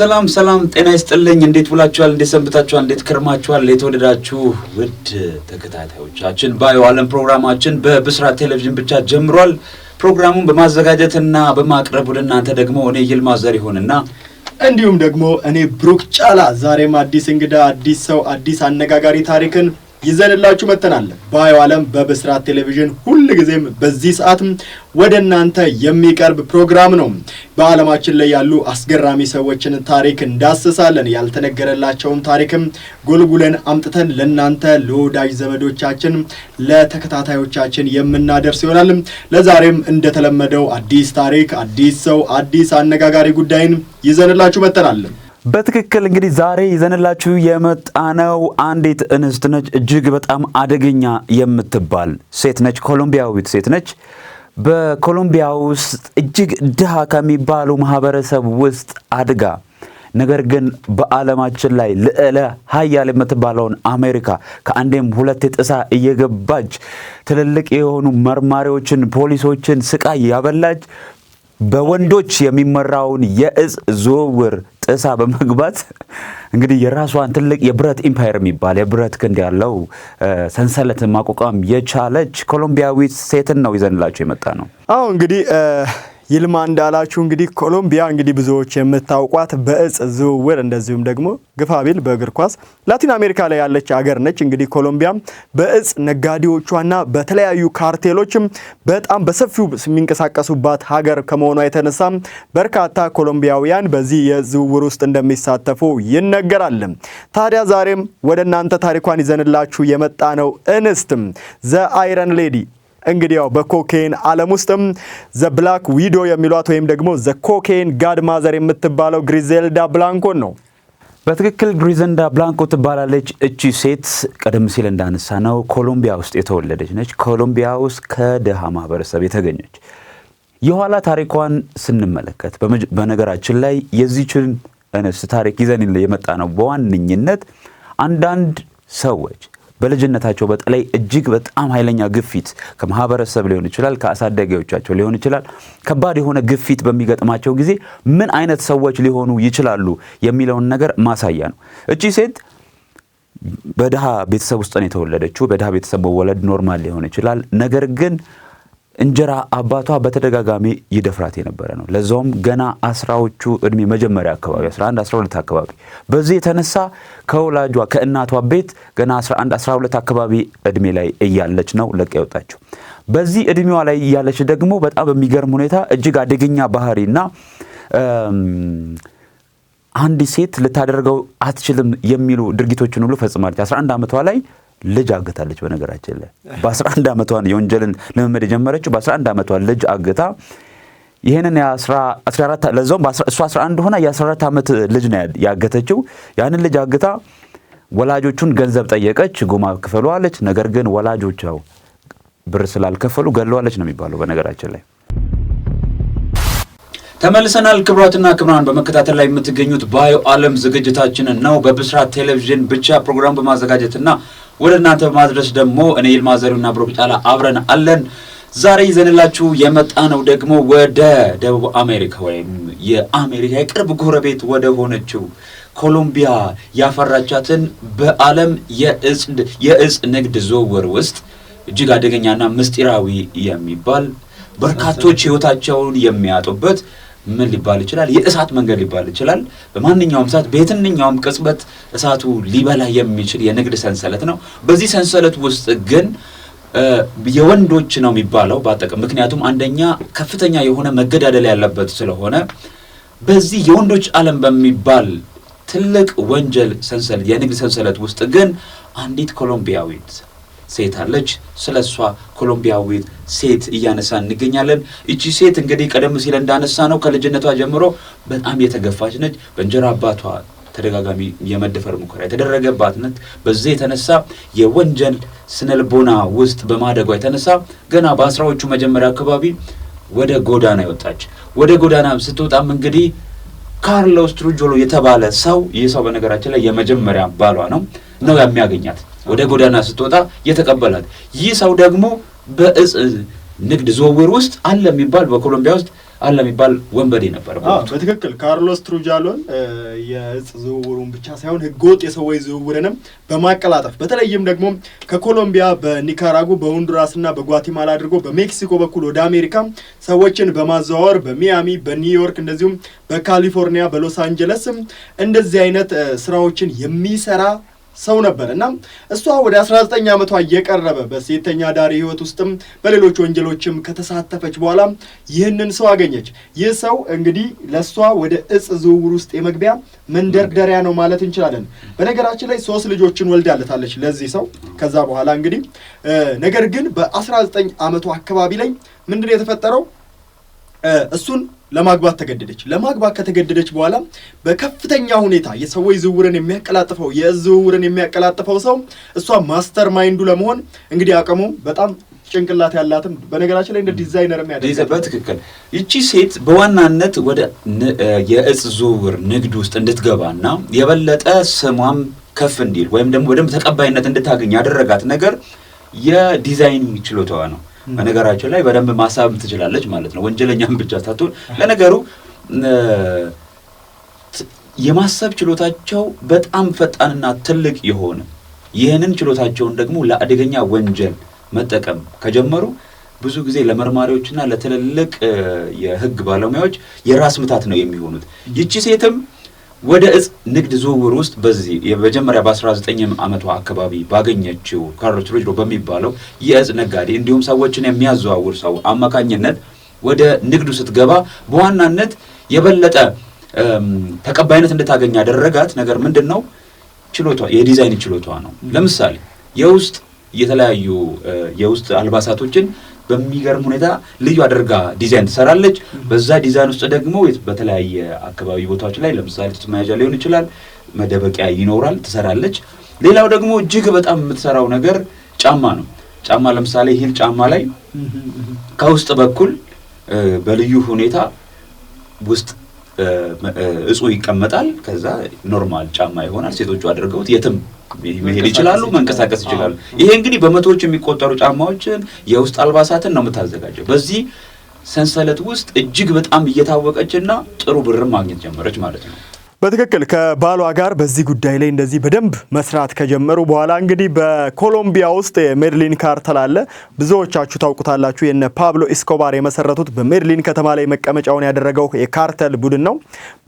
ሰላም ሰላም፣ ጤና ይስጥልኝ። እንዴት ውላችኋል? እንዴት ሰንብታችኋል? እንዴት ከርማችኋል? የተወደዳችሁ ውድ ተከታታዮቻችን ባዮ ዓለም ፕሮግራማችን በብስራት ቴሌቪዥን ብቻ ጀምሯል። ፕሮግራሙን በማዘጋጀትና በማቅረብ ወደ እናንተ ደግሞ እኔ ይልማ ዘሪሁንና እንዲሁም ደግሞ እኔ ብሩክ ጫላ። ዛሬም አዲስ እንግዳ፣ አዲስ ሰው፣ አዲስ አነጋጋሪ ታሪክን ይዘንላችሁ መጥተናል። በአዮ ዓለም በብስራት ቴሌቪዥን ሁል ጊዜም በዚህ ሰዓት ወደ እናንተ የሚቀርብ ፕሮግራም ነው። በዓለማችን ላይ ያሉ አስገራሚ ሰዎችን ታሪክ እንዳስሳለን። ያልተነገረላቸውን ታሪክም ጎልጉለን አምጥተን ለእናንተ ለወዳጅ ዘመዶቻችን፣ ለተከታታዮቻችን የምናደርስ ይሆናል። ለዛሬም እንደተለመደው አዲስ ታሪክ፣ አዲስ ሰው፣ አዲስ አነጋጋሪ ጉዳይን ይዘንላችሁ መጥተናል። በትክክል እንግዲህ ዛሬ ይዘንላችሁ የመጣነው አንዲት እንስት ነች። እጅግ በጣም አደገኛ የምትባል ሴት ነች። ኮሎምቢያዊት ሴት ነች። በኮሎምቢያ ውስጥ እጅግ ድሃ ከሚባሉ ማህበረሰብ ውስጥ አድጋ ነገር ግን በዓለማችን ላይ ልዕለ ሀያል የምትባለውን አሜሪካ ከአንዴም ሁለት ጥሳ እየገባች ትልልቅ የሆኑ መርማሪዎችን፣ ፖሊሶችን ስቃይ ያበላች በወንዶች የሚመራውን የእጽ ዝውውር ጥሳ በመግባት እንግዲህ የራሷን ትልቅ የብረት ኢምፓየር የሚባል የብረት ክንድ ያለው ሰንሰለትን ማቋቋም የቻለች ኮሎምቢያዊት ሴትን ነው ይዘንላቸው የመጣ ነው። አዎ እንግዲህ ይልማ እንዳላችሁ እንግዲህ ኮሎምቢያ እንግዲህ ብዙዎች የምታውቋት በእጽ ዝውውር እንደዚሁም ደግሞ ግፋቢል በእግር ኳስ ላቲን አሜሪካ ላይ ያለች አገር ነች። እንግዲህ ኮሎምቢያም በእጽ ነጋዴዎቿና በተለያዩ ካርቴሎችም በጣም በሰፊው የሚንቀሳቀሱባት ሀገር ከመሆኗ የተነሳ በርካታ ኮሎምቢያውያን በዚህ የዝውውር ውስጥ እንደሚሳተፉ ይነገራል። ታዲያ ዛሬም ወደ እናንተ ታሪኳን ይዘንላችሁ የመጣ ነው። እንስትም ዘ አይረን ሌዲ እንግዲህ ያው በኮኬን ዓለም ውስጥም ዘ ብላክ ዊዶ የሚሏት ወይም ደግሞ ዘ ኮኬን ጋድ ማዘር የምትባለው ግሪዜልዳ ብላንኮን ነው። በትክክል ግሪዘንዳ ብላንኮ ትባላለች። እቺ ሴት ቀደም ሲል እንዳነሳ ነው ኮሎምቢያ ውስጥ የተወለደች ነች። ኮሎምቢያ ውስጥ ከድሃ ማህበረሰብ የተገኘች የኋላ ታሪኳን ስንመለከት በነገራችን ላይ የዚችን እንስት ታሪክ ይዘን የመጣ ነው በዋነኝነት አንዳንድ ሰዎች በልጅነታቸው በተለይ እጅግ በጣም ኃይለኛ ግፊት ከማህበረሰብ ሊሆን ይችላል፣ ከአሳደጊዎቻቸው ሊሆን ይችላል። ከባድ የሆነ ግፊት በሚገጥማቸው ጊዜ ምን አይነት ሰዎች ሊሆኑ ይችላሉ የሚለውን ነገር ማሳያ ነው። እቺ ሴት በድሃ ቤተሰብ ውስጥ ነው የተወለደችው። በድሃ ቤተሰብ መወለድ ኖርማል ሊሆን ይችላል። ነገር ግን እንጀራ አባቷ በተደጋጋሚ ይደፍራት የነበረ ነው። ለዛውም ገና አስራዎቹ እድሜ መጀመሪያ አካባቢ 11 12 አካባቢ። በዚህ የተነሳ ከወላጇ ከእናቷ ቤት ገና 11 12 አካባቢ እድሜ ላይ እያለች ነው ለቃ ያወጣችው። በዚህ እድሜዋ ላይ እያለች ደግሞ በጣም በሚገርም ሁኔታ እጅግ አደገኛ ባህሪና አንድ ሴት ልታደርገው አትችልም የሚሉ ድርጊቶችን ሁሉ ፈጽማለች። 11 ዓመቷ ላይ ልጅ አግታለች። በነገራችን ላይ በ11 ዓመቷን የወንጀልን ልምምድ የጀመረችው በ11 ዓመቷን ልጅ አግታ ይህንን ለዛውም እሱ 11 ሆና የ14 ዓመት ልጅ ነው ያገተችው። ያንን ልጅ አግታ ወላጆቹን ገንዘብ ጠየቀች። ጎማ ክፈሉ አለች። ነገር ግን ወላጆቿ ብር ስላልከፈሉ ገለዋለች ነው የሚባለው በነገራችን ላይ ተመልሰናል። ክብራትና ክብራን በመከታተል ላይ የምትገኙት ባዮ አለም ዝግጅታችንን ነው። በብስራት ቴሌቪዥን ብቻ ፕሮግራም በማዘጋጀትና ወደ እናንተ በማድረስ ደግሞ እኔ ይልማ ዘሪሁንና ብሮ ቢቃላ አብረን አለን። ዛሬ ይዘንላችሁ የመጣ ነው ደግሞ ወደ ደቡብ አሜሪካ ወይም የአሜሪካ የቅርብ ጎረቤት ወደ ሆነችው ኮሎምቢያ ያፈራቻትን በዓለም የእጽ ንግድ ዝውውር ውስጥ እጅግ አደገኛና ምስጢራዊ የሚባል በርካቶች ሕይወታቸውን የሚያጡበት ምን ሊባል ይችላል? የእሳት መንገድ ሊባል ይችላል። በማንኛውም ሰዓት በየትኛውም ቅጽበት እሳቱ ሊበላ የሚችል የንግድ ሰንሰለት ነው። በዚህ ሰንሰለት ውስጥ ግን የወንዶች ነው የሚባለው በአጠቃላይ ምክንያቱም አንደኛ ከፍተኛ የሆነ መገዳደል ያለበት ስለሆነ በዚህ የወንዶች ዓለም በሚባል ትልቅ ወንጀል ሰንሰለት የንግድ ሰንሰለት ውስጥ ግን አንዲት ኮሎምቢያዊት ሴት አለች። ስለ እሷ ኮሎምቢያዊት ሴት እያነሳ እንገኛለን። እቺ ሴት እንግዲህ ቀደም ሲል እንዳነሳ ነው ከልጅነቷ ጀምሮ በጣም የተገፋች ነች። በእንጀራ አባቷ ተደጋጋሚ የመደፈር ሙከራ የተደረገባት ነት በዚህ የተነሳ የወንጀል ስነልቦና ውስጥ በማደጓ የተነሳ ገና በአስራዎቹ መጀመሪያ አካባቢ ወደ ጎዳና ይወጣች። ወደ ጎዳና ስትወጣም እንግዲህ ካርሎስ ትሩጆሎ የተባለ ሰው ይህ ሰው በነገራችን ላይ የመጀመሪያ ባሏ ነው ነው የሚያገኛት ወደ ጎዳና ስትወጣ የተቀበላት። ይህ ሰው ደግሞ በእጽ ንግድ ዝውውር ውስጥ አለ የሚባል በኮሎምቢያ ውስጥ አለ የሚባል ወንበዴ ነበር። በትክክል ካርሎስ ትሩጃሎን የእጽ ዝውውሩን ብቻ ሳይሆን ህገወጥ የሰዎች ዝውውርንም በማቀላጠፍ በተለይም ደግሞ ከኮሎምቢያ በኒካራጉ በሆንዱራስና በጓቲማላ አድርጎ በሜክሲኮ በኩል ወደ አሜሪካ ሰዎችን በማዘዋወር በሚያሚ፣ በኒውዮርክ እንደዚሁም በካሊፎርኒያ በሎስ አንጀለስም እንደዚህ አይነት ስራዎችን የሚሰራ ሰው ነበር እና እሷ ወደ 19 ዓመቷ እየቀረበ በሴተኛ ዳር ህይወት ውስጥም በሌሎች ወንጀሎችም ከተሳተፈች በኋላ ይህንን ሰው አገኘች። ይህ ሰው እንግዲህ ለእሷ ወደ እጽ ዝውውር ውስጥ የመግቢያ መንደርደሪያ ነው ማለት እንችላለን። በነገራችን ላይ ሶስት ልጆችን ወልዳለታለች ለዚህ ሰው ከዛ በኋላ እንግዲህ ነገር ግን በ19 ዓመቷ አካባቢ ላይ ምንድን ነው የተፈጠረው እሱን ለማግባት ተገደደች። ለማግባት ከተገደደች በኋላ በከፍተኛ ሁኔታ የሰዎች ዝውውርን የሚያቀላጥፈው የእዝ ዝውውርን የሚያቀላጥፈው ሰው እሷ ማስተር ማይንዱ ለመሆን እንግዲህ አቅሙ በጣም ጭንቅላት ያላትም በነገራችን ላይ እንደ ዲዛይነር የሚያደርግ በትክክል ይቺ ሴት በዋናነት ወደ የእጽ ዝውውር ንግድ ውስጥ እንድትገባና የበለጠ ስሟም ከፍ እንዲል ወይም ደግሞ በደንብ ተቀባይነት እንድታገኝ ያደረጋት ነገር የዲዛይኒንግ ችሎታዋ ነው። በነገራችን ላይ በደንብ ማሳብ ትችላለች ማለት ነው። ወንጀለኛም ብቻ ሳትሆን ለነገሩ የማሰብ ችሎታቸው በጣም ፈጣንና ትልቅ የሆነ ይህንን ችሎታቸውን ደግሞ ለአደገኛ ወንጀል መጠቀም ከጀመሩ ብዙ ጊዜ ለመርማሪዎችና ለትልልቅ የሕግ ባለሙያዎች የራስ ምታት ነው የሚሆኑት። ይቺ ሴትም ወደ እጽ ንግድ ዝውውር ውስጥ በዚህ የመጀመሪያ በ19 ዓመቷ አካባቢ ባገኘችው ካርሎስ ሮጅሮ በሚባለው የእጽ ነጋዴ እንዲሁም ሰዎችን የሚያዘዋውር ሰው አማካኝነት ወደ ንግዱ ስትገባ በዋናነት የበለጠ ተቀባይነት እንድታገኝ ያደረጋት ነገር ምንድን ነው? ችሎቷ የዲዛይን ችሎቷ ነው። ለምሳሌ የውስጥ የተለያዩ የውስጥ አልባሳቶችን በሚገርም ሁኔታ ልዩ አድርጋ ዲዛይን ትሰራለች። በዛ ዲዛይን ውስጥ ደግሞ በተለያየ አካባቢ ቦታዎች ላይ ለምሳሌ ጡት መያዣ ሊሆን ይችላል፣ መደበቂያ ይኖራል፣ ትሰራለች። ሌላው ደግሞ እጅግ በጣም የምትሰራው ነገር ጫማ ነው። ጫማ ለምሳሌ ሂል ጫማ ላይ ከውስጥ በኩል በልዩ ሁኔታ ውስጥ እጹ ይቀመጣል። ከዛ ኖርማል ጫማ ይሆናል። ሴቶቹ አድርገውት የትም መሄድ ይችላሉ፣ መንቀሳቀስ ይችላሉ። ይሄ እንግዲህ በመቶዎች የሚቆጠሩ ጫማዎችን የውስጥ አልባሳትን ነው የምታዘጋጀው። በዚህ ሰንሰለት ውስጥ እጅግ በጣም እየታወቀች እና ጥሩ ብርም ማግኘት ጀመረች ማለት ነው። በትክክል ከባሏ ጋር በዚህ ጉዳይ ላይ እንደዚህ በደንብ መስራት ከጀመሩ በኋላ እንግዲህ በኮሎምቢያ ውስጥ የሜድሊን ካርተል አለ። ብዙዎቻችሁ ታውቁታላችሁ። የነ ፓብሎ ኢስኮባር የመሰረቱት በሜድሊን ከተማ ላይ መቀመጫውን ያደረገው የካርተል ቡድን ነው።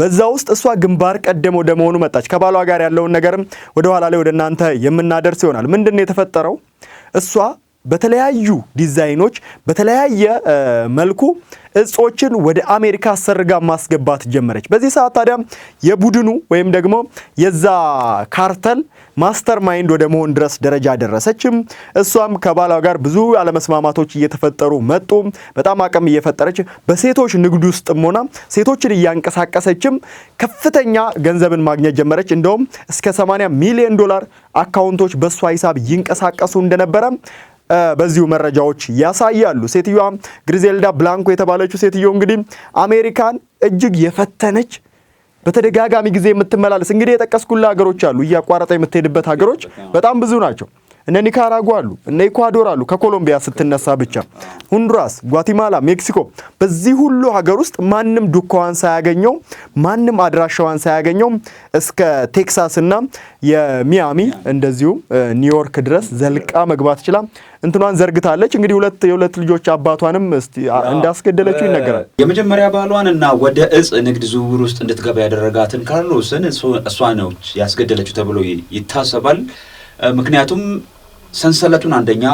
በዛ ውስጥ እሷ ግንባር ቀደም ወደ መሆኑ መጣች። ከባሏ ጋር ያለውን ነገርም ወደኋላ ላይ ወደ እናንተ የምናደርስ ይሆናል። ምንድን ነው የተፈጠረው? እሷ በተለያዩ ዲዛይኖች በተለያየ መልኩ እጾችን ወደ አሜሪካ ሰርጋ ማስገባት ጀመረች። በዚህ ሰዓት ታዲያ የቡድኑ ወይም ደግሞ የዛ ካርተል ማስተር ማይንድ ወደ መሆን ድረስ ደረጃ ደረሰችም። እሷም ከባሏ ጋር ብዙ አለመስማማቶች እየተፈጠሩ መጡ። በጣም አቅም እየፈጠረች በሴቶች ንግድ ውስጥም ሆና ሴቶችን እያንቀሳቀሰችም ከፍተኛ ገንዘብን ማግኘት ጀመረች። እንደውም እስከ 80 ሚሊዮን ዶላር አካውንቶች በእሷ ሂሳብ ይንቀሳቀሱ እንደነበረ በዚሁ መረጃዎች ያሳያሉ። ሴትዮዋ ግሪዜልዳ ብላንኮ የተባለችው ሴትዮ እንግዲህ አሜሪካን እጅግ የፈተነች በተደጋጋሚ ጊዜ የምትመላለስ እንግዲህ የጠቀስኩላ ሀገሮች አሉ እያቋረጠ የምትሄድበት ሀገሮች በጣም ብዙ ናቸው። እነ ኒካራጓ አሉ፣ እነ ኢኳዶር አሉ። ከኮሎምቢያ ስትነሳ ብቻ ሁንዱራስ፣ ጓቲማላ፣ ሜክሲኮ በዚህ ሁሉ ሀገር ውስጥ ማንም ዱካዋን ሳያገኘው ማንም አድራሻዋን ሳያገኘው እስከ ቴክሳስና የሚያሚ እንደዚሁም ኒውዮርክ ድረስ ዘልቃ መግባት ችላ እንትኗን ዘርግታለች። እንግዲህ ሁለት የሁለት ልጆች አባቷንም እንዳስገደለችው ይነገራል። የመጀመሪያ ባሏን እና ወደ እጽ ንግድ ዝውውር ውስጥ እንድትገባ ያደረጋትን ካርሎስን እሷ ነው ያስገደለችው ተብሎ ይታሰባል። ምክንያቱም ሰንሰለቱን አንደኛ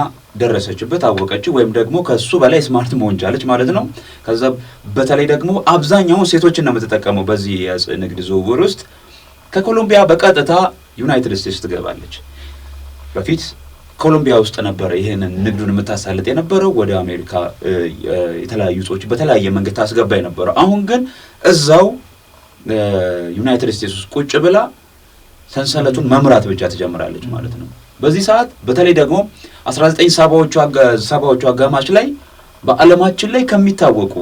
ደረሰችበት አወቀችው፣ ወይም ደግሞ ከሱ በላይ ስማርት መሆን ቻለች ማለት ነው። ከዛ በተለይ ደግሞ አብዛኛውን ሴቶችን ነው የምትጠቀመው በዚህ ንግድ ዝውውር ውስጥ። ከኮሎምቢያ በቀጥታ ዩናይትድ ስቴትስ ትገባለች። በፊት ኮሎምቢያ ውስጥ ነበረ ይህንን ንግዱን የምታሳልጥ የነበረው ወደ አሜሪካ የተለያዩ እጾች በተለያየ መንገድ ታስገባ የነበረው። አሁን ግን እዛው ዩናይትድ ስቴትስ ውስጥ ቁጭ ብላ ሰንሰለቱን መምራት ብቻ ትጀምራለች ማለት ነው። በዚህ ሰዓት በተለይ ደግሞ 19 ሰባዎቹ አጋማሽ ላይ በዓለማችን ላይ ከሚታወቁ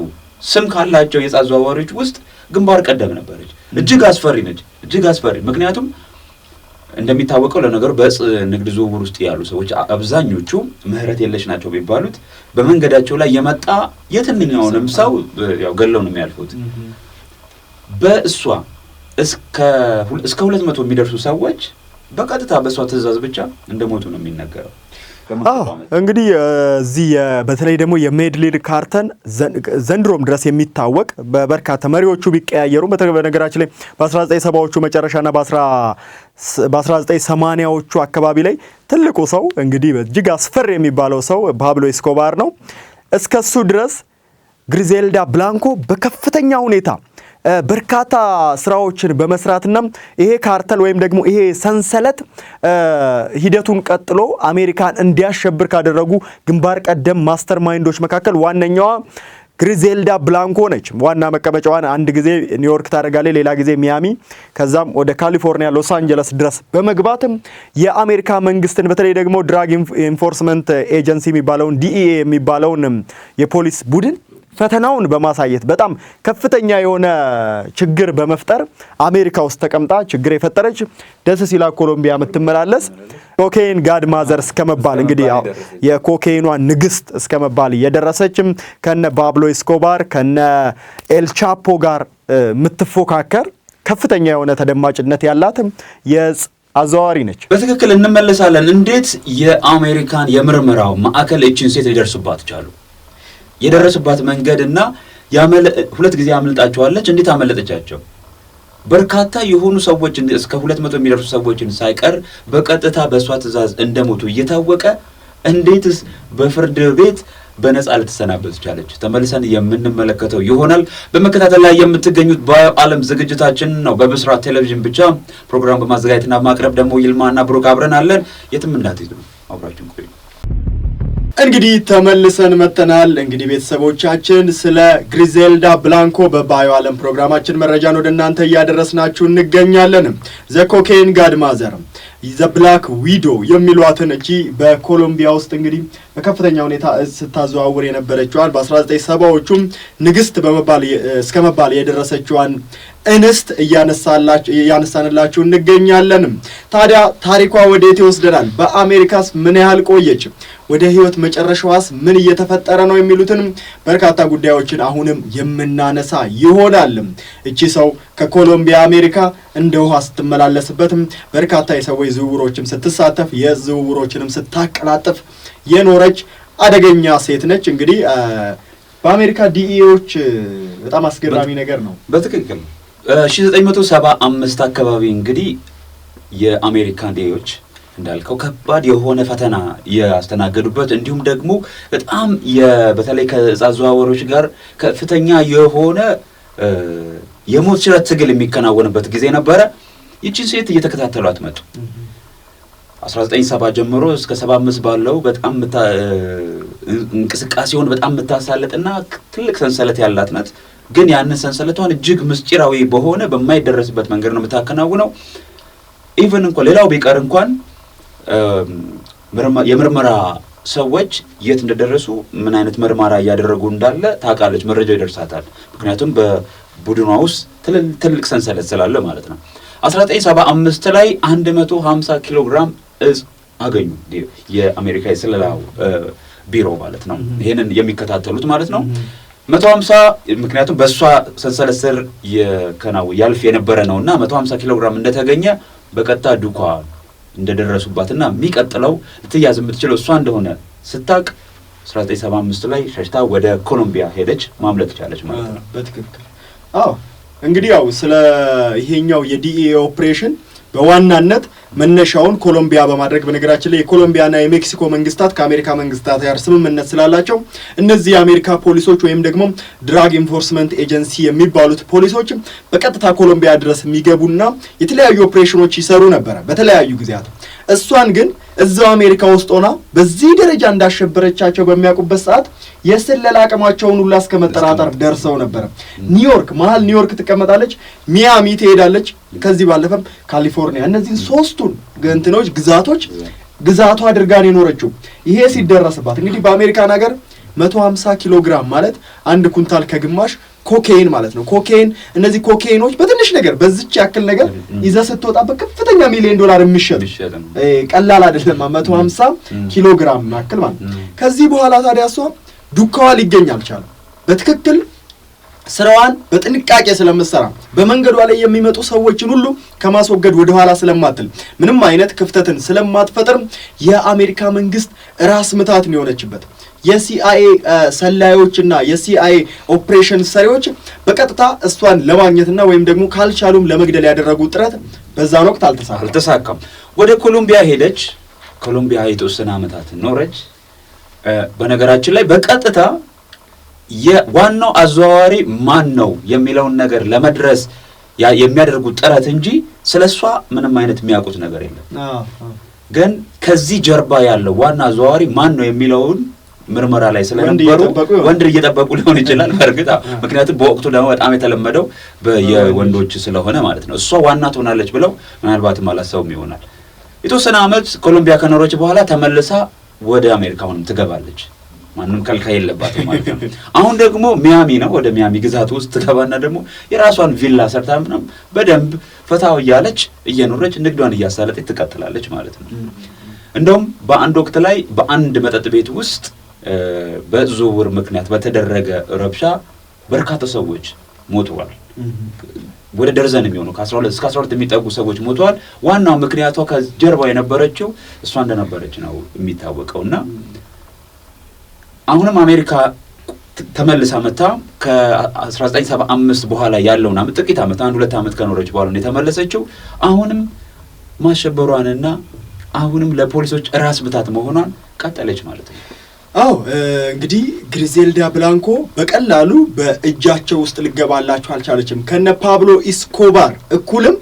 ስም ካላቸው የዕፅ አዘዋዋሪዎች ውስጥ ግንባር ቀደም ነበረች። እጅግ አስፈሪ ነች፣ እጅግ አስፈሪ ምክንያቱም እንደሚታወቀው ለነገሩ በዕፅ ንግድ ዝውውር ውስጥ ያሉ ሰዎች አብዛኞቹ ምሕረት የለሽ ናቸው የሚባሉት በመንገዳቸው ላይ የመጣ የትንኛውንም ሰው ያው ገለው ነው የሚያልፉት። በእሷ እስከ ሁለት መቶ የሚደርሱ ሰዎች በቀጥታ በእሷ ትእዛዝ ብቻ እንደሞቱ ነው የሚነገረው። እንግዲህ እዚህ በተለይ ደግሞ የሜድሊን ካርተን ዘንድሮም ድረስ የሚታወቅ በበርካታ መሪዎቹ ቢቀያየሩም በነገራችን ላይ በ1970ዎቹ መጨረሻና በ1980ዎቹ አካባቢ ላይ ትልቁ ሰው እንግዲህ እጅግ አስፈር የሚባለው ሰው ፓብሎ ኤስኮባር ነው። እስከሱ ድረስ ግሪዜልዳ ብላንኮ በከፍተኛ ሁኔታ በርካታ ስራዎችን በመስራትና ይሄ ካርተል ወይም ደግሞ ይሄ ሰንሰለት ሂደቱን ቀጥሎ አሜሪካን እንዲያሸብር ካደረጉ ግንባር ቀደም ማስተር ማይንዶች መካከል ዋነኛዋ ግሪዜልዳ ብላንኮ ነች። ዋና መቀመጫዋን አንድ ጊዜ ኒውዮርክ ታደርጋለች፣ ሌላ ጊዜ ሚያሚ፣ ከዛም ወደ ካሊፎርኒያ ሎስ አንጀለስ ድረስ በመግባትም የአሜሪካ መንግስትን በተለይ ደግሞ ድራግ ኢንፎርስመንት ኤጀንሲ የሚባለውን ዲኢኤ የሚባለውን የፖሊስ ቡድን ፈተናውን በማሳየት በጣም ከፍተኛ የሆነ ችግር በመፍጠር አሜሪካ ውስጥ ተቀምጣ ችግር የፈጠረች ደስ ሲላ ኮሎምቢያ የምትመላለስ ኮኬን ጋድ ማዘር እስከመባል እንግዲህ የኮኬኗ ንግስት እስከመባል እየደረሰችም ከነ ባብሎ ስኮባር ከነ ኤልቻፖ ጋር የምትፎካከር ከፍተኛ የሆነ ተደማጭነት ያላትም የእጽ አዘዋዋሪ ነች። በትክክል እንመለሳለን። እንዴት የአሜሪካን የምርመራው ማዕከል እችን ሴት ሊደርሱባት ቻሉ? የደረሰባት መንገድ እና ሁለት ጊዜ አምልጣቸዋለች። እንዴት አመለጠቻቸው? በርካታ የሆኑ ሰዎች እስከ ሁለት መቶ የሚደርሱ ሰዎችን ሳይቀር በቀጥታ በእሷ ትዕዛዝ እንደሞቱ እየታወቀ እንዴትስ በፍርድ ቤት በነጻ ልትሰናበት ቻለች? ተመልሰን የምንመለከተው ይሆናል። በመከታተል ላይ የምትገኙት በዓለም ዝግጅታችን ነው። በብስራት ቴሌቪዥን ብቻ ፕሮግራም በማዘጋጀትና ማቅረብ ደግሞ ይልማና ብሩክ አብረን አለን። የትም እንዳትሄዱ ነው። አብራችን ቆዩ። እንግዲህ ተመልሰን መጥተናል። እንግዲህ ቤተሰቦቻችን ስለ ግሪዜልዳ ብላንኮ በባዮ ዓለም ፕሮግራማችን መረጃን ወደ እናንተ እያደረስናችሁ እንገኛለን። ዘኮኬን ጋድማዘር ብላክ ዊዶ የሚሏትን እቺ በኮሎምቢያ ውስጥ እንግዲህ በከፍተኛ ሁኔታ ስታዘዋውር የነበረችዋን በ1970ዎቹም ንግስት በመባል እስከ መባል የደረሰችዋን እንስት እያነሳንላችሁ እንገኛለን ታዲያ ታሪኳ ወዴት ይወስደናል? በአሜሪካስ ምን ያህል ቆየች? ወደ ህይወት መጨረሻዋስ ምን እየተፈጠረ ነው? የሚሉትን በርካታ ጉዳዮችን አሁንም የምናነሳ ይሆናል። እቺ ሰው ከኮሎምቢያ አሜሪካ እንደ ውሃ ስትመላለስበትም በርካታ የሰዎች ዝውውሮችም ስትሳተፍ የዝውውሮችንም ስታቀላጥፍ የኖረች አደገኛ ሴት ነች። እንግዲህ በአሜሪካ ዲኤዎች በጣም አስገራሚ ነገር ነው። በትክክል 1975 አካባቢ እንግዲህ የአሜሪካን ዲኤዎች እንዳልከው ከባድ የሆነ ፈተና ያስተናገዱበት እንዲሁም ደግሞ በጣም በተለይ ከእጽ አዘዋዋሪዎች ጋር ከፍተኛ የሆነ የሞት ሽረት ትግል የሚከናወንበት ጊዜ ነበረ። ይቺን ሴት እየተከታተሏት መጡ። 1970 ጀምሮ እስከ 75 ባለው በጣም እንቅስቃሴውን በጣም የምታሳልጥና ትልቅ ሰንሰለት ያላት ናት። ግን ያንን ሰንሰለቷን እጅግ ምስጢራዊ በሆነ በማይደረስበት መንገድ ነው የምታከናውነው። ኢቨን እንኳን ሌላው ቢቀር እንኳን የምርመራ ሰዎች የት እንደደረሱ ምን አይነት መርማራ እያደረጉ እንዳለ ታውቃለች፣ መረጃው ይደርሳታል። ምክንያቱም በቡድኗ ውስጥ ትልቅ ሰንሰለት ስላለ ማለት ነው። 1975 ላይ 150 ኪሎ ግራም እጽ አገኙ፣ የአሜሪካ የስለላ ቢሮ ማለት ነው። ይህንን የሚከታተሉት ማለት ነው። 150 ምክንያቱም በእሷ ሰንሰለት ስር የከናው ያልፍ የነበረ እና 150 ኪሎ ግራም እንደተገኘ በቀጥታ ዱኳ እንደደረሱባትና የሚቀጥለው ልትያዝ የምትችለው እሷ እንደሆነ ስታቅ 1975 ላይ ሸሽታ ወደ ኮሎምቢያ ሄደች። ማምለጥ ቻለች ማለት ነው። በትክክል አዎ። እንግዲህ ያው ስለ ይሄኛው የዲኤ ኦፕሬሽን በዋናነት መነሻውን ኮሎምቢያ በማድረግ በነገራችን ላይ የኮሎምቢያና የሜክሲኮ መንግስታት ከአሜሪካ መንግስታት ጋር ስምምነት ስላላቸው እነዚህ የአሜሪካ ፖሊሶች ወይም ደግሞ ድራግ ኢንፎርስመንት ኤጀንሲ የሚባሉት ፖሊሶች በቀጥታ ኮሎምቢያ ድረስ የሚገቡና የተለያዩ ኦፕሬሽኖች ይሰሩ ነበረ በተለያዩ ጊዜያት። እሷን ግን እዛው አሜሪካ ውስጥ ሆና በዚህ ደረጃ እንዳሸበረቻቸው በሚያውቁበት ሰዓት የስለላ አቅማቸውን ሁላ እስከ መጠራጠር ደርሰው ነበረ። ኒውዮርክ መሀል ኒውዮርክ ትቀመጣለች፣ ሚያሚ ትሄዳለች፣ ከዚህ ባለፈም ካሊፎርኒያ። እነዚህን ሶስቱን ገንትኖች ግዛቶች ግዛቱ አድርጋን የኖረችው ይሄ ሲደረስባት እንግዲህ በአሜሪካን ሀገር 150 ኪሎ ግራም ማለት አንድ ኩንታል ከግማሽ ኮኬይን ማለት ነው። ኮኬይን እነዚህ ኮኬይኖች በትንሽ ነገር በዚች ያክል ነገር ይዘህ ስትወጣ በከፍተኛ ሚሊዮን ዶላር የሚሸጥ ቀላል አይደለም። 150 ኪሎ ግራም ያክል ማለት ከዚህ በኋላ ታዲያ እሷ ዱካዋ ሊገኝ አልቻለም። በትክክል ስራዋን በጥንቃቄ ስለምትሰራ በመንገዷ ላይ የሚመጡ ሰዎችን ሁሉ ከማስወገድ ወደኋላ ስለማትል ምንም አይነት ክፍተትን ስለማትፈጥር የአሜሪካ መንግስት ራስ ምታት ነው የሆነችበት። የሲአይኤ ሰላዮችና የሲአይኤ ኦፕሬሽን ሰሪዎች በቀጥታ እሷን ለማግኘትና ወይም ደግሞ ካልቻሉም ለመግደል ያደረጉ ጥረት በዛን ወቅት አልተሳካም። ወደ ኮሎምቢያ ሄደች። ኮሎምቢያ የተወሰነ ዓመታት ኖረች። በነገራችን ላይ በቀጥታ ዋናው አዘዋዋሪ ማን ነው የሚለውን ነገር ለመድረስ የሚያደርጉት ጥረት እንጂ ስለ እሷ ምንም አይነት የሚያውቁት ነገር የለም። ግን ከዚህ ጀርባ ያለው ዋና አዘዋዋሪ ማን ነው የሚለውን ምርመራ ላይ ስለነበሩ ወንድ እየጠበቁ ሊሆን ይችላል። በእርግጥ ምክንያቱም በወቅቱ ደግሞ በጣም የተለመደው የወንዶች ስለሆነ ማለት ነው። እሷ ዋና ትሆናለች ብለው ምናልባትም አላሰቡም ይሆናል። የተወሰነ ዓመት ኮሎምቢያ ከኖረች በኋላ ተመልሳ ወደ አሜሪካ አሁንም ትገባለች። ማንም ከልካይ የለባትም ማለት ነው። አሁን ደግሞ ሚያሚ ነው። ወደ ሚያሚ ግዛት ውስጥ ትገባና ደግሞ የራሷን ቪላ ሰርታ ምንም በደንብ ፈታው እያለች እየኖረች ንግዷን እያሳለጠች ትቀጥላለች ማለት ነው። እንደውም በአንድ ወቅት ላይ በአንድ መጠጥ ቤት ውስጥ በዝውውር ምክንያት በተደረገ ረብሻ በርካታ ሰዎች ሞተዋል። ወደ ደርዘን የሚሆኑ ከአስራ 12 እስከ ሁለት የሚጠጉ ሰዎች ሞተዋል። ዋናው ምክንያቷ ከጀርባ የነበረችው እሷ እንደነበረች ነው የሚታወቀው እና አሁንም አሜሪካ ተመልሳ መታ ከ1975 በኋላ ያለውን አመት ጥቂት አመት አንድ ሁለት አመት ከኖረች በኋላ ነው የተመለሰችው። አሁንም ማሸበሯንና አሁንም ለፖሊሶች ራስ ብታት መሆኗን ቀጠለች ማለት ነው። አው እንግዲህ ግሪዜልዳ ብላንኮ በቀላሉ በእጃቸው ውስጥ ልገባላቸው አልቻለችም። ከነ ፓብሎ ኢስኮባር እኩልም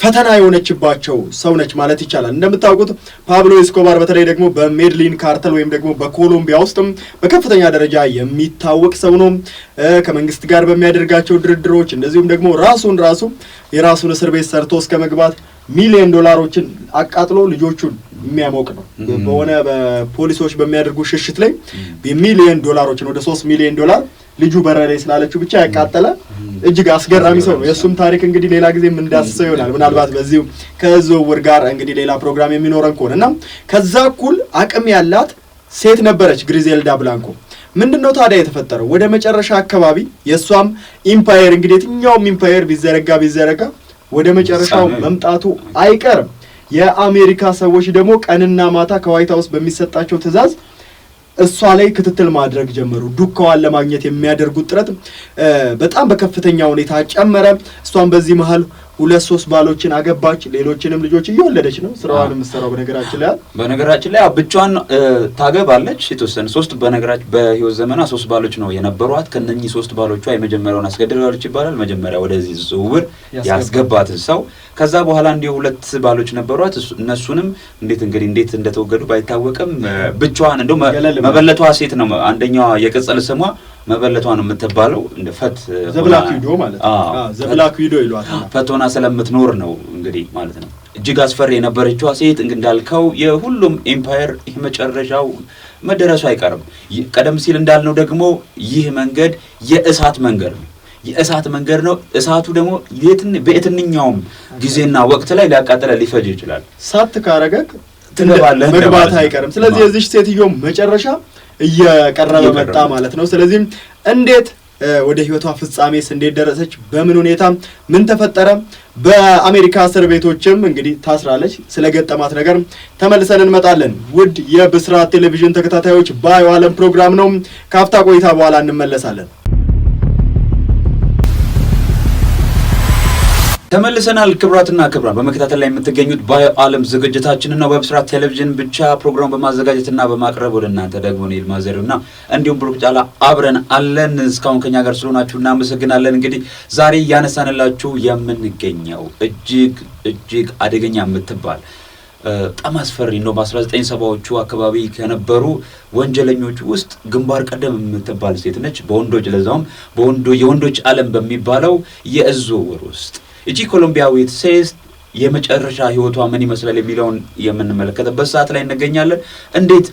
ፈተና የሆነችባቸው ሰው ነች ማለት ይቻላል። እንደምታውቁት ፓብሎ ኤስኮባር በተለይ ደግሞ በሜድሊን ካርተል ወይም ደግሞ በኮሎምቢያ ውስጥም በከፍተኛ ደረጃ የሚታወቅ ሰው ነው። ከመንግስት ጋር በሚያደርጋቸው ድርድሮች እንደዚሁም ደግሞ ራሱን ራሱ የራሱን እስር ቤት ሰርቶ እስከ መግባት ሚሊዮን ዶላሮችን አቃጥሎ ልጆቹን የሚያሞቅ ነው። በሆነ በፖሊሶች በሚያደርጉ ሽሽት ላይ የሚሊዮን ዶላሮችን ወደ ሶስት ሚሊዮን ዶላር ልጁ በረሬ ስላለችው ብቻ ያቃጠለ እጅግ አስገራሚ ሰው ነው። የእሱም ታሪክ እንግዲህ ሌላ ጊዜ የምንዳስሰው ይሆናል። ምናልባት በዚሁ ከዝውውር ጋር እንግዲህ ሌላ ፕሮግራም የሚኖረን ከሆነ እና ከዛ እኩል አቅም ያላት ሴት ነበረች ግሪዜልዳ ብላንኮ። ምንድን ነው ታዲያ የተፈጠረው? ወደ መጨረሻ አካባቢ የእሷም ኢምፓየር እንግዲህ የትኛውም ኢምፓየር ቢዘረጋ ቢዘረጋ ወደ መጨረሻው መምጣቱ አይቀርም። የአሜሪካ ሰዎች ደግሞ ቀንና ማታ ከዋይት ሀውስ በሚሰጣቸው ትዕዛዝ እሷ ላይ ክትትል ማድረግ ጀመሩ። ዱካዋን ለማግኘት የሚያደርጉት ጥረት በጣም በከፍተኛ ሁኔታ ጨመረ። እሷን በዚህ መሀል ሁለት ሶስት ባሎችን አገባች። ሌሎችንም ልጆች እየወለደች ነው ስራዋን የምትሰራው። በነገራችን ላይ በነገራችን ላይ ብቻዋን ታገባለች የተወሰነ ሶስት በነገራችን በህይወት ዘመና ሶስት ባሎች ነው የነበሯት። ከነኚህ ሶስት ባሎቿ የመጀመሪያውን አስገድዳለች ይባላል። መጀመሪያ ወደዚህ ዝውውር ያስገባትን ሰው ከዛ በኋላ እንዲሁ ሁለት ባሎች ነበሯት። እነሱንም እንዴት እንግዲህ እንዴት እንደተወገዱ ባይታወቅም ብቻዋን እንደው መበለቷ ሴት ነው አንደኛዋ የቅጽል ስሟ መበለቷ ነው የምትባለው። እንደ ፈት ዘብላክዊዶ ማለት ነው። ዘብላክዊዶ ይሏታል። ፈት ሆና ስለምትኖር ነው እንግዲህ ማለት ነው። እጅግ አስፈሪ የነበረችዋ ሴት እንዳልከው የሁሉም ኤምፓየር የመጨረሻው መደረሱ አይቀርም። ቀደም ሲል እንዳልነው ደግሞ ይህ መንገድ የእሳት መንገድ ነው። የእሳት መንገድ ነው። እሳቱ ደግሞ በየትኛውም ጊዜና ወቅት ላይ ሊያቃጥለ ሊፈጅ ይችላል። ሳት ካረገግ ትገባለህ፣ መግባት አይቀርም። ስለዚህ የዚች ሴትዮ መጨረሻ እየቀረበ መጣ ማለት ነው። ስለዚህም እንዴት ወደ ህይወቷ ፍጻሜስ እንዴት ደረሰች? በምን ሁኔታ ምን ተፈጠረ? በአሜሪካ እስር ቤቶችም እንግዲህ ታስራለች። ስለገጠማት ነገር ተመልሰን እንመጣለን። ውድ የብስራት ቴሌቪዥን ተከታታዮች ባዩ ዓለም ፕሮግራም ነው። ካፍታ ቆይታ በኋላ እንመለሳለን። ተመልሰናል ክብራትና ክብራን በመከታተል ላይ የምትገኙት ባዮ ዓለም ዝግጅታችንን ነው። በብስራት ቴሌቪዥን ብቻ ፕሮግራም በማዘጋጀትና በማቅረብ ወደ እናንተ ደግሞ ነው ይልማ እንዲሁም ብሩክ ጫላ አብረን አለን። እስካሁን ከኛ ጋር ስለሆናችሁ እናመሰግናለን። እንግዲህ ዛሬ እያነሳንላችሁ የምንገኘው እጅግ እጅግ አደገኛ የምትባል በጣም አስፈሪ ነው። በ1970ዎቹ አካባቢ ከነበሩ ወንጀለኞች ውስጥ ግንባር ቀደም የምትባል ሴት ነች። በወንዶች ለዛውም የወንዶች ዓለም በሚባለው የእዝ ዝውውር ውስጥ እቺ ኮሎምቢያዊት ሴስ የመጨረሻ ህይወቷ ምን ይመስላል የሚለውን የምንመለከትበት ሰዓት ላይ እንገኛለን። እንዴት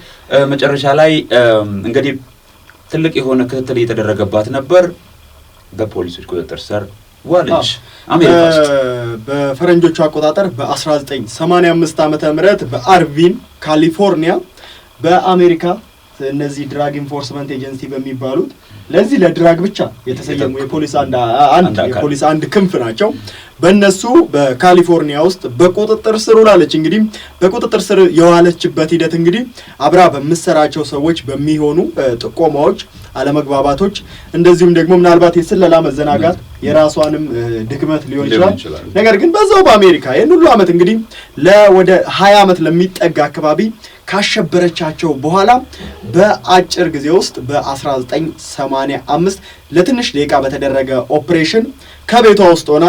መጨረሻ ላይ እንግዲህ ትልቅ የሆነ ክትትል እየተደረገባት ነበር፣ በፖሊሶች ቁጥጥር ስር ዋለች። በፈረንጆቹ አቆጣጠር በ1985 ዓ ም በአርቪን ካሊፎርኒያ በአሜሪካ እነዚህ ድራግ ኢንፎርስመንት ኤጀንሲ በሚባሉት ለዚህ ለድራግ ብቻ የተሰየሙ የፖሊስ አንድ የፖሊስ አንድ ክንፍ ናቸው። በእነሱ በካሊፎርኒያ ውስጥ በቁጥጥር ስር ውላለች። እንግዲህ በቁጥጥር ስር የዋለችበት ሂደት እንግዲህ አብራ በምሰራቸው ሰዎች በሚሆኑ ጥቆማዎች አለመግባባቶች፣ እንደዚሁም ደግሞ ምናልባት የስለላ መዘናጋት የራሷንም ድክመት ሊሆን ይችላል። ነገር ግን በዛው በአሜሪካ ይህን ሁሉ ዓመት እንግዲህ ለወደ ሀያ ዓመት ለሚጠጋ አካባቢ ካሸበረቻቸው በኋላ በአጭር ጊዜ ውስጥ በ1985 ለትንሽ ደቂቃ በተደረገ ኦፕሬሽን ከቤቷ ውስጥ ሆና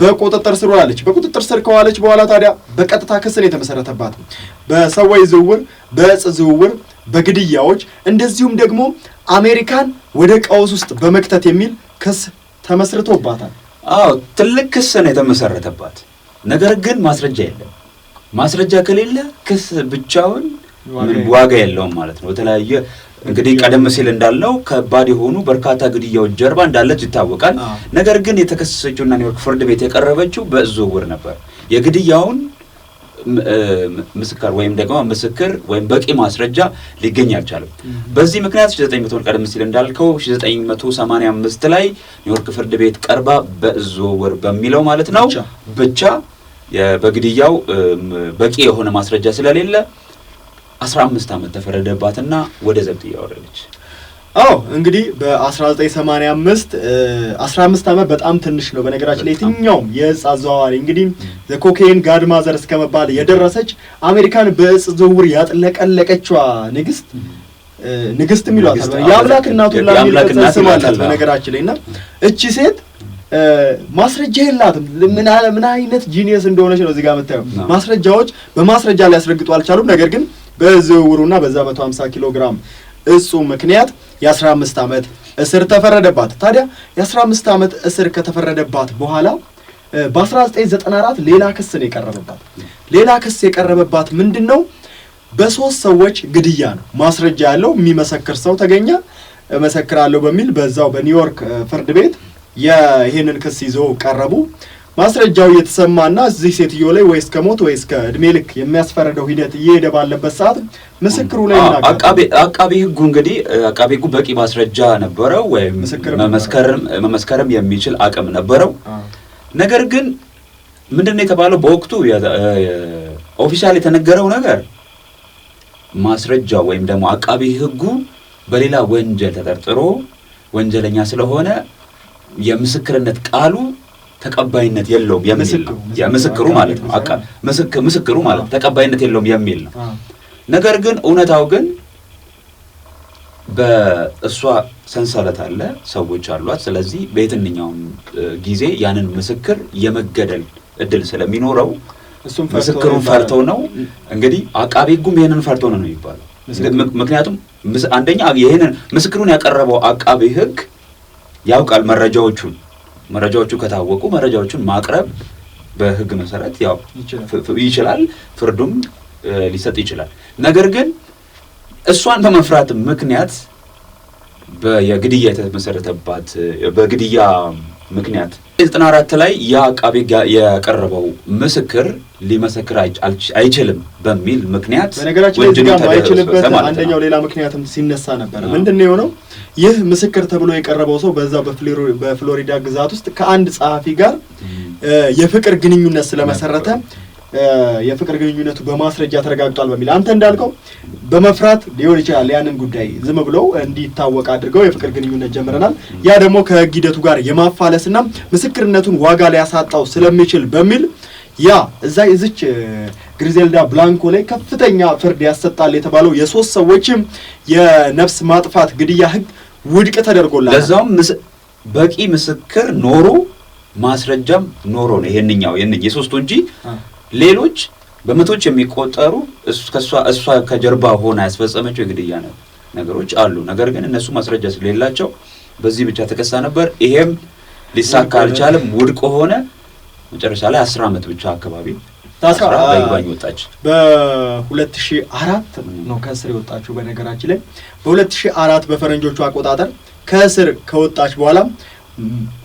በቁጥጥር ስር ውላለች። በቁጥጥር ስር ከዋለች በኋላ ታዲያ በቀጥታ ክስን የተመሰረተባት በሰዎች ዝውውር፣ በእጽ ዝውውር በግድያዎች እንደዚሁም ደግሞ አሜሪካን ወደ ቀውስ ውስጥ በመክተት የሚል ክስ ተመስርቶባታል። አዎ ትልቅ ክስ ነው የተመሰረተባት። ነገር ግን ማስረጃ የለም። ማስረጃ ከሌለ ክስ ብቻውን ዋጋ የለውም ማለት ነው። በተለያየ እንግዲህ ቀደም ሲል እንዳለው ከባድ የሆኑ በርካታ ግድያዎች ጀርባ እንዳለች ይታወቃል። ነገር ግን የተከሰሰችውና ኒውዮርክ ፍርድ ቤት የቀረበችው በዝውውር ነበር የግድያውን ምስክር ወይም ደግሞ ምስክር ወይም በቂ ማስረጃ ሊገኝ አልቻለም። በዚህ ምክንያት 1900 ቀደም ሲል እንዳልከው 1985 ላይ ኒውዮርክ ፍርድ ቤት ቀርባ በዝውውር በሚለው ማለት ነው ብቻ በግድያው በቂ የሆነ ማስረጃ ስለሌለ 15 ዓመት ተፈረደባትና ወደ ዘብጥያ ወረደች። አዎ እንግዲህ በ1985 15 ዓመት በጣም ትንሽ ነው። በነገራችን ላይ የትኛውም የእጽ አዘዋዋሪ እንግዲህ የኮኬን ጋድማዘር እስከመባል የደረሰች አሜሪካን በእጽ ዝውውር ያጥለቀለቀችዋ ንግስት ንግስት የሚሏታል የአምላክ እናቱ ላ በነገራችን ላይ እና እቺ ሴት ማስረጃ የላትም። ምን አይነት ጂኒየስ እንደሆነች ነው እዚህ ጋር የምታየው። ማስረጃዎች በማስረጃ ሊያስረግጡ አልቻሉም። ነገር ግን በዝውውሩና በዛ 150 ኪሎ ግራም እጹ ምክንያት የ15 ዓመት እስር ተፈረደባት። ታዲያ የ15 ዓመት እስር ከተፈረደባት በኋላ በ1994 ሌላ ክስ ነው የቀረበባት። ሌላ ክስ የቀረበባት ምንድን ነው? በሶስት ሰዎች ግድያ ነው። ማስረጃ ያለው የሚመሰክር ሰው ተገኘ እመሰክራለሁ በሚል በዛው በኒውዮርክ ፍርድ ቤት ይህንን ክስ ይዞ ቀረቡ። ማስረጃው የተሰማና እዚህ ሴትዮ ላይ ወይስ ከሞት ወይስ ከእድሜ ልክ የሚያስፈረደው ሂደት እየሄደ ባለበት ሰዓት ምስክሩ ላይ አቃቤ ሕጉ እንግዲህ አቃቤ ሕጉ በቂ ማስረጃ ነበረው ወይም መመስከርም የሚችል አቅም ነበረው። ነገር ግን ምንድነው የተባለው? በወቅቱ ኦፊሻል የተነገረው ነገር ማስረጃ ወይም ደግሞ አቃቤ ሕጉ በሌላ ወንጀል ተጠርጥሮ ወንጀለኛ ስለሆነ የምስክርነት ቃሉ ተቀባይነት የለውም የሚል ነው። ምስክሩ ማለት ነው ምስክሩ ማለት ተቀባይነት የለውም የሚል ነው። ነገር ግን እውነታው ግን በእሷ ሰንሰለት አለ፣ ሰዎች አሏት። ስለዚህ በየትኛውም ጊዜ ያንን ምስክር የመገደል እድል ስለሚኖረው ምስክሩን ፈርተው ነው እንግዲህ አቃቤ ሕጉም ይህንን ፈርተው ነው የሚባለው። ምክንያቱም አንደኛ ይህንን ምስክሩን ያቀረበው አቃቤ ሕግ ያውቃል መረጃዎቹን መረጃዎቹ ከታወቁ መረጃዎቹን ማቅረብ በህግ መሰረት ያው ይችላል፣ ፍርዱም ሊሰጥ ይችላል። ነገር ግን እሷን በመፍራት ምክንያት የግድያ የተመሰረተባት በግድያ ምክንያት ዘጠና አራት ላይ የአቃቤ የቀረበው ምስክር ሊመሰክር አይችልም በሚል ምክንያት አንደኛው ሌላ ምክንያትም ሲነሳ ነበር። ምንድን ነው የሆነው? ይህ ምስክር ተብሎ የቀረበው ሰው በዛ በፍሎሪዳ ግዛት ውስጥ ከአንድ ጸሐፊ ጋር የፍቅር ግንኙነት ስለመሰረተ የፍቅር ግንኙነቱ በማስረጃ ተረጋግጧል በሚል አንተ እንዳልከው በመፍራት ሊሆን ይችላል። ያንን ጉዳይ ዝም ብለው እንዲታወቅ አድርገው የፍቅር ግንኙነት ጀምረናል፣ ያ ደግሞ ከህግ ሂደቱ ጋር የማፋለስና ምስክርነቱን ዋጋ ሊያሳጣው ስለሚችል በሚል ያ እዛ እዚች ግሪዜልዳ ብላንኮ ላይ ከፍተኛ ፍርድ ያሰጣል የተባለው የሶስት ሰዎችም የነፍስ ማጥፋት ግድያ ህግ ውድቅ ተደርጎላል። ለዛውም በቂ ምስክር ኖሮ ማስረጃም ኖሮ ነው ይሄንኛው የሶስቱ እንጂ ሌሎች በመቶች የሚቆጠሩ እሷ ከጀርባ ሆና ያስፈጸመችው የግድያ ነገሮች አሉ። ነገር ግን እነሱ ማስረጃ ስለሌላቸው በዚህ ብቻ ተከሳ ነበር። ይሄም ሊሳካ አልቻለም፣ ውድቅ ሆነ። መጨረሻ ላይ አስር ዓመት ብቻ አካባቢ ታስራ በይግባኝ ወጣች። በ2004 ነው ከእስር የወጣችው። በነገራችን ላይ በ አራት በፈረንጆቹ አቆጣጠር ከእስር ከወጣች በኋላ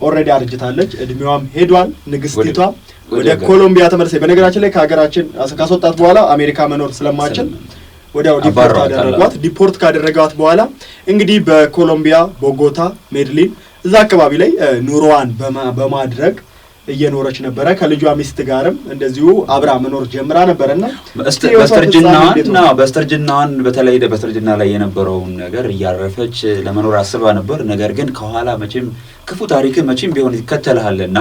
ኦልሬዲ አርጅታለች፣ እድሜዋም ሄዷል። ንግስቲቷ ወደ ኮሎምቢያ ተመልሰ በነገራችን ላይ ከሀገራችን ካስወጣት በኋላ አሜሪካ መኖር ስለማችል ወዲያው ዲፖርት አደረጓት። ዲፖርት ካደረጓት በኋላ እንግዲህ በኮሎምቢያ ቦጎታ፣ ሜድሊን እዛ አካባቢ ላይ ኑሮዋን በማድረግ እየኖረች ነበረ። ከልጇ ሚስት ጋርም እንደዚሁ አብራ መኖር ጀምራ ነበረና በስተርጅናዋን በስተርጅናዋን በተለይ በስተርጅና ላይ የነበረውን ነገር እያረፈች ለመኖር አስባ ነበር። ነገር ግን ከኋላ መቼም ክፉ ታሪክ መቼም ቢሆን ይከተልሃልና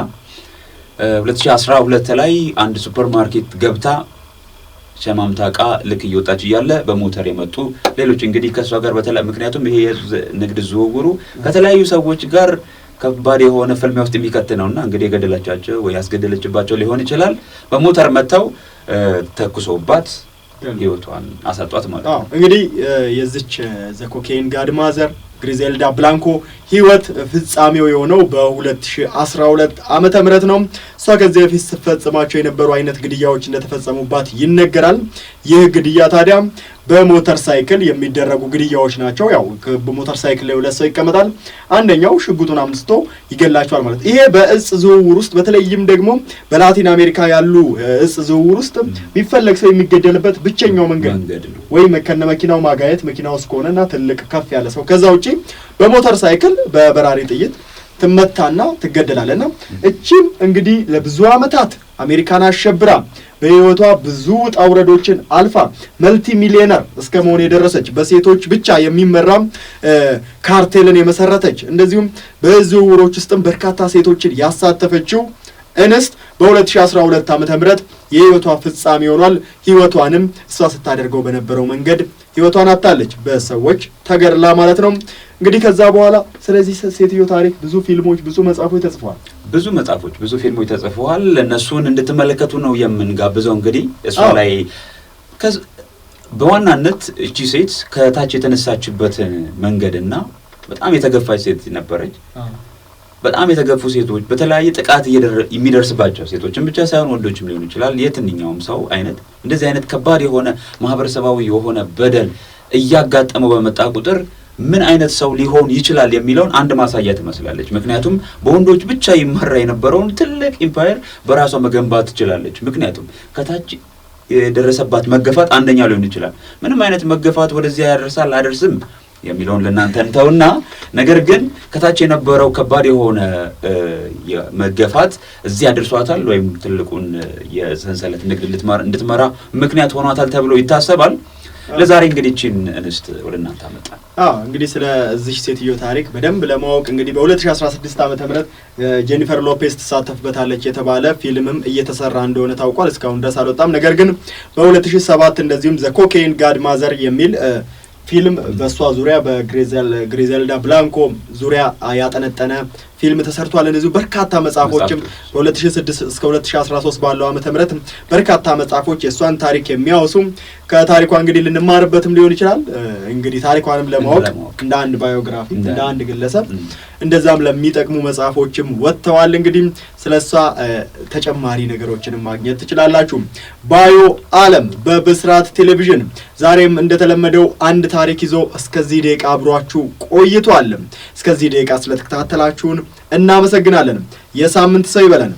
2012 ላይ አንድ ሱፐር ማርኬት ገብታ ሸማምታ ዕቃ ልክ እየወጣች እያለ በሞተር የመጡ ሌሎች እንግዲህ ከእሷ ጋር በተለ ምክንያቱም ይሄ ንግድ ዝውውሩ ከተለያዩ ሰዎች ጋር ከባድ የሆነ ፍልሚያ ውስጥ የሚከት ነው እና እንግዲህ የገደለቻቸው ወይ ያስገደለችባቸው ሊሆን ይችላል። በሞተር መጥተው ተኩሶባት ህይወቷን አሳጧት ማለት ነው። እንግዲህ የዚች ዘኮኬን ጋድማዘር ግሪዜልዳ ብላንኮ ህይወት ፍጻሜው የሆነው በ2012 ዓመተ ምህረት ነው። እሷ ከዚህ በፊት ስትፈጽማቸው የነበሩ አይነት ግድያዎች እንደተፈጸሙባት ይነገራል። ይህ ግድያ ታዲያ በሞተር ሳይክል የሚደረጉ ግድያዎች ናቸው። ያው በሞተር ሳይክል ላይ ሁለት ሰው ይቀመጣል፣ አንደኛው ሽጉጡን አምስቶ ይገላቸዋል ማለት ይሄ በእጽ ዝውውር ውስጥ በተለይም ደግሞ በላቲን አሜሪካ ያሉ እጽ ዝውውር ውስጥ የሚፈለግ ሰው የሚገደልበት ብቸኛው መንገድ ነው። ወይም ከነ መኪናው ማጋየት መኪና ውስጥ ከሆነና ትልቅ ከፍ ያለ ሰው ከዛ ውጪ በሞተር ሳይክል በበራሪ ጥይት ትመታና ትገደላለና እችም እንግዲህ ለብዙ ዓመታት አሜሪካን አሸብራ በህይወቷ ብዙ ውጣ ውረዶችን አልፋ መልቲ ሚሊዮነር እስከ መሆን የደረሰች በሴቶች ብቻ የሚመራ ካርቴልን የመሰረተች እንደዚሁም በዝውውሮች ውስጥም በርካታ ሴቶችን ያሳተፈችው እንስት በ2012 ዓ.ም የህይወቷ ፍጻሜ ሆኗል። ህይወቷንም እሷ ስታደርገው በነበረው መንገድ ህይወቷን አጣለች፣ በሰዎች ተገድላ ማለት ነው። እንግዲህ ከዛ በኋላ ስለዚህ ሴትዮ ታሪክ ብዙ ፊልሞች፣ ብዙ መጽሐፎች ተጽፈዋል። ብዙ መጽሐፎች፣ ብዙ ፊልሞች ተጽፈዋል። እነሱን እንድትመለከቱ ነው የምንጋብዘው። እንግዲህ እሷ ላይ በዋናነት እቺ ሴት ከታች የተነሳችበት መንገድና በጣም የተገፋች ሴት ነበረች። በጣም የተገፉ ሴቶች በተለያየ ጥቃት የሚደርስባቸው ሴቶችን ብቻ ሳይሆን ወንዶችም ሊሆን ይችላል። የትኛውም ሰው አይነት እንደዚህ አይነት ከባድ የሆነ ማህበረሰባዊ የሆነ በደል እያጋጠመው በመጣ ቁጥር ምን አይነት ሰው ሊሆን ይችላል የሚለውን አንድ ማሳያ ትመስላለች። ምክንያቱም በወንዶች ብቻ ይመራ የነበረውን ትልቅ ኢምፓየር በራሷ መገንባት ትችላለች። ምክንያቱም ከታች የደረሰባት መገፋት አንደኛ ሊሆን ይችላል። ምንም አይነት መገፋት ወደዚያ ያደርሳል አደርስም የሚለውን ለእናንተ እንተውና፣ ነገር ግን ከታች የነበረው ከባድ የሆነ መገፋት እዚህ አድርሷታል ወይም ትልቁን የሰንሰለት ንግድ እንድትመራ ምክንያት ሆኗታል ተብሎ ይታሰባል። ለዛሬ እንግዲህ ቺን እንስት ወደ እናንተ አመጣ። አዎ እንግዲህ ስለ እዚህ ሴትዮ ታሪክ በደንብ ለማወቅ እንግዲህ በ2016 ዓ ም ጄኒፈር ሎፔዝ ትሳተፍበታለች የተባለ ፊልምም እየተሰራ እንደሆነ ታውቋል። እስካሁን ድረስ አልወጣም። ነገር ግን በ2007 እንደዚሁም ዘ ኮኬይን ጋድ ማዘር የሚል ፊልም በእሷ ዙሪያ በግሪዘልዳ ብላንኮ ዙሪያ ያጠነጠነ ፊልም ተሰርቷል። እንደዚሁ በርካታ መጽሐፎችም በ 2006 እስከ 2013 ባለው ዓመተ ምህረት በርካታ መጽሐፎች የእሷን ታሪክ የሚያወሱ ከታሪኳ እንግዲህ ልንማርበትም ሊሆን ይችላል። እንግዲህ ታሪኳንም ለማወቅ እንደ አንድ ባዮግራፊ እንደ አንድ ግለሰብ እንደዛም ለሚጠቅሙ መጽሐፎችም ወጥተዋል። እንግዲህ ስለ እሷ ተጨማሪ ነገሮችን ማግኘት ትችላላችሁ። ባዮ አለም በብስራት ቴሌቪዥን ዛሬም እንደተለመደው አንድ ታሪክ ይዞ እስከዚህ ደቂቃ አብሯችሁ ቆይቷል። እስከዚህ ደቂቃ ስለተከታተላችሁን እናመሰግናለን የሳምንት ሰው ይበለን።